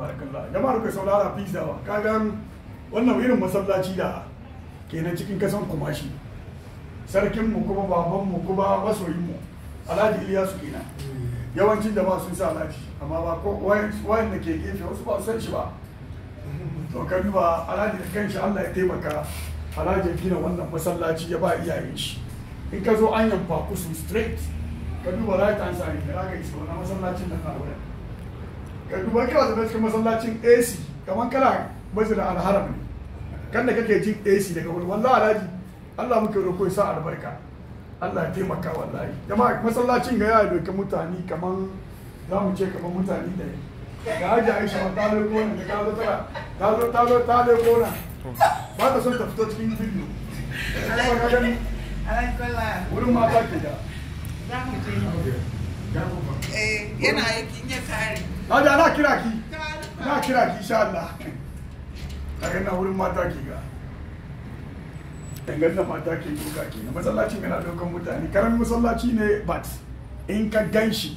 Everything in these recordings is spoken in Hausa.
barakallah jama'ar ku saurara pizza ba kagan wannan irin masallaci da ke na cikin kasan kumashi sarkin mu kuma baban mu kuma masoyin mu alhaji iliyasu kenan hmm. yawancin da ba sun sa alhaji amma ba ko wayan da ke gefe wasu ba san shi ba to ka duba alhaji da kanshi Allah ya taimaka alhaji ya gina wannan masallaci ya ba iyayen shi in ka zo an yamfa kusu straight ka duba right hand side ka ga isa wannan masallacin da ka wurin ka duba kana zaune cikin masallacin AC kamar kana masjidin alharam ne kan da kake jin AC daga wani wallahi alaji Allah muke roƙo ya sa albarka Allah ya taimaka wallahi jama'a masallacin ga ya doka mutane kamar za mu ce kamar mutane da ga haji Aisha ma ta leko nan da ka zo tara ta zo ta zo ta leko nan ba ta son ta fito cikin bidiyo wurin mata ke da eh, yana aikin ya kare Haja na kira ki. Na kira ki insha Allah. Kaga na wurin mata ke ga. Dangan na mata ke duka ke. Masallacin yana daukan mutane. Karamin masallaci ne but in ka gan shi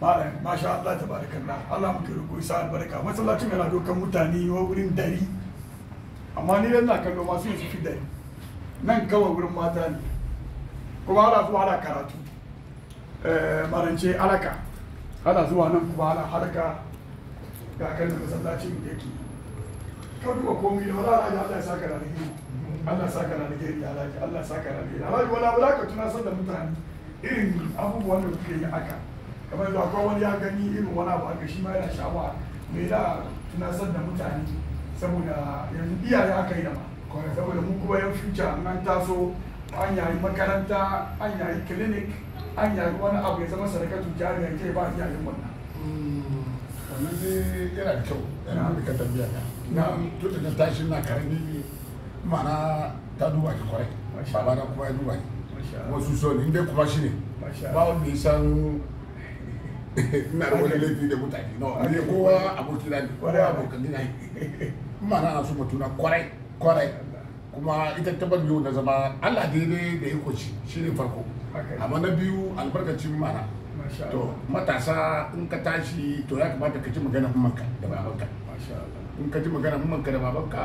malam masha Allah ta tabarakallah Allah muke roƙo isa albarka masallacin yana dokan mutane wa wurin dari amma ni dan na kallo masu yin fi dari nan kawai wurin mata ne kuma ana zuwa ana karatu eh, marance alaka ana zuwa nan kuma ana harka ga kan da masallacin yake ka duba komai da wala raja Allah ya saka da alheri Allah ya saka da alheri ya raji Allah ya saka da alheri raji wala wala ka san da mutane irin abubuwan da kuke yi aka kamar da akwai wani ya gani irin wani abu aka shi ma yana sha'awa mai da san da mutane saboda yanzu iyaye aka yi da ma saboda mu kuma yan future an taso an yayi makaranta an yayi clinic an yaru wani abu ya zama sadakatu jariyar ke ba wannan hmm. wannan yana da kyau yana da ka tambaya na hmm. tuta na tashi na karami mana ta duba ki kwarai na kuma ya duba ki wasu so ne inda kuma shi ne ba wanda ya san ina da wani laifi da mutane no ne kowa abokina ne kowa abokan dina mana na mutuna kwarai kwarai kuma ita ta yau na zama Allah daidai da iko shi ne farko amma na biyu albarkacin mara to matasa in ka tashi to ya kamata ka ji magana mamanka da babanka in ka ji magana mamanka da babanka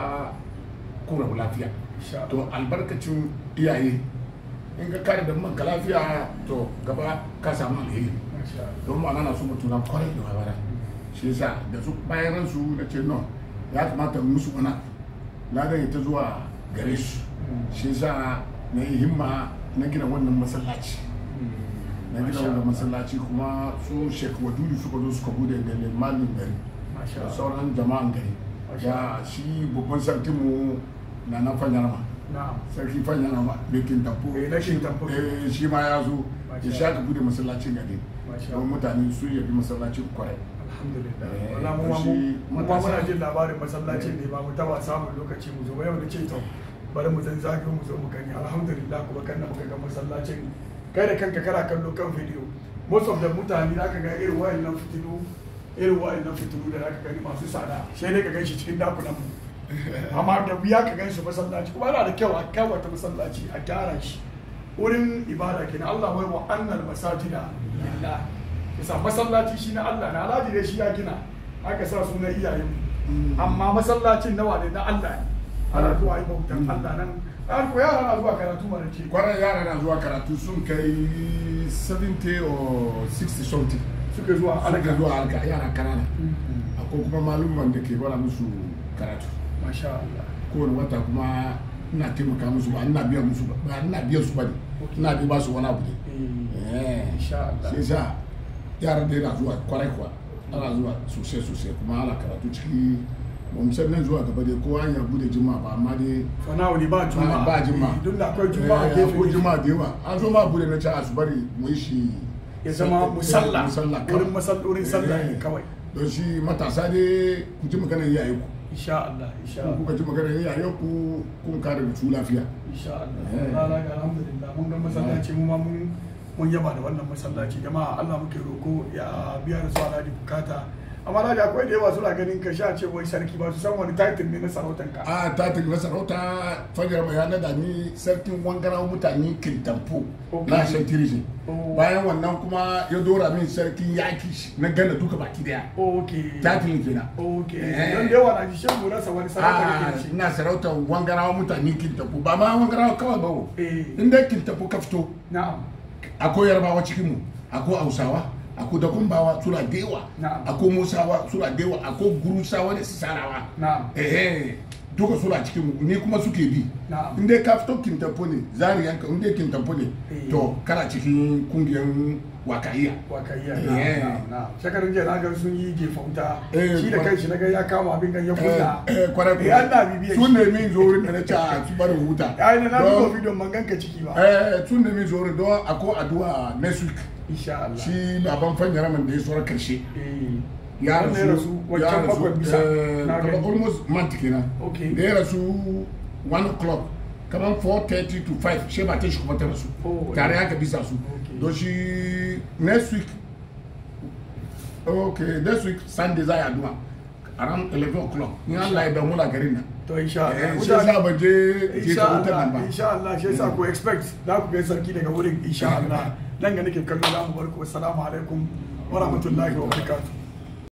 ku rabu lafiya to albarkacin iyaye in ka kare da mamanka lafiya to gaba ka samu alheri don ma na so mutuna kwarai da wabara shi yasa da su bayan ransu na ce no ya kamata musu wana na ta zuwa gare su shi mm. sa na yi himma na gina wannan masallaci na gina wannan masallaci kuma su shek waduri suka zo suka bude da limanin gari da sauran jama'an gari ya shi babban sarkinmu na na fanyarma sarki fanyarma bikin tampo eh, eh, shi ma ya zo ya sha ka bude masallacin gari don mutane su yabi masallacin kwarai alhamdulillah eh, wala mu ma jin labarin masallacin ne ba mu taba samun lokaci mu zo yau nace to bari mu zan zagi mu zo mu gani alhamdulillah kuma kan muka ga masallacin kai da kanka kana kallo kan video most of the mutane zaka ga irin wayannan fitilu irin wayannan fitilu da zaka gani masu tsada sai ne ka gan shi cikin dakunan mu amma da wuya ka gan shi masallaci kuma yana da kyau a kai wata masallaci a gyara shi wurin ibada kenan Allah wai wa annal masajida lillah isa masallaci shi na Allah na alaji dai shi ya gina aka sa suna iyayen mm. amma masallacin nawa ne na Allah ne ana zuwa yi bautan mm. Allah nan an ko yara na zuwa karatu mara ce kwarar yara na zuwa karatu sun kai 70 or 60 something suka zuwa alka suka zuwa alka yara kanana mm, akwai kuma malumman da ke bara musu karatu masha Allah kowane wata kuma ina taimaka musu ba ina biya musu ba ina biya su ba ne ina biya su wani abu ne eh, eh, insha Allah sai yaran da yana zuwa kɔrɛ kuwa ala zuwa sosɛ sosɛ kuma ala karatu ciki ba mu san nan zuwa gaba ko an ya bude juma'a ba amma fana fanawo ne ba juma'a ba juma'a eh, don da akwai a ke eh, akwai juma'a da yawa an zo ma bude ne ci asubari mu yi shi ya zama musalla eh, wurin masallolin sallah ne kawai don shi matasa ne ku ji maganar yayin ku insha Allah insha Allah kuka ji a ye ku kun kare da su lafiya insha Allah alhamdulillah mun ga masallaci mu ma mun mun yaba da wannan masallaci jama'a Allah muke roko ya biya da zuwa alhaji bukata amma alhaji akwai da yawa suna ganin ka sha ce wai sarki ba su san wani title ne na sarautan ka a ah, title na sarauta fajar bayanan da ni sarkin wangarawa mutane kintampo na shan tiriji bayan wannan kuma ya dora min sarkin yaki na gana duka baki daya okay title kenan okay eh. don da yawa na ji shan gura sa wani sarauta ne ah, ina sarautan wangarawa mutane kintampo ba ma wangarawa kawai ba wo eh. inda kintampo ka fito na'am akwai yarbawa cikin mu akwai hausawa akwai dakumbawa suna da yawa akwai musawa suna da yawa akwai gurusawa da sisarawa duka suna cikin ni kuma suke bi in dai ka fito kin kintampo ne yanka in dai kintampo ne eh. to kana cikin kungiyar wakaiya wakaiya na eh. na shekarun jiya na gan sun yi gefa wuta eh, shi da kai shi na ga ya kama abin kan ya kuda kwarai kwarai an na bibiya sun ne min zorin da na ta ah, su bar huta ai na na duba video man ganka ciki ba eh tunne min zorin do akwai addu'a next week insha Allah shi baban fanyar man da ya sauran karshe eh ya rasu wancan almost one o'clock kamar 4.30 to 5 shi ba ta shi kuma ta rasu tare haka bisa su don shi next week ok next week sunday za a yi around 11 o'clock in eh, wa rahmatullahi wa barakatuh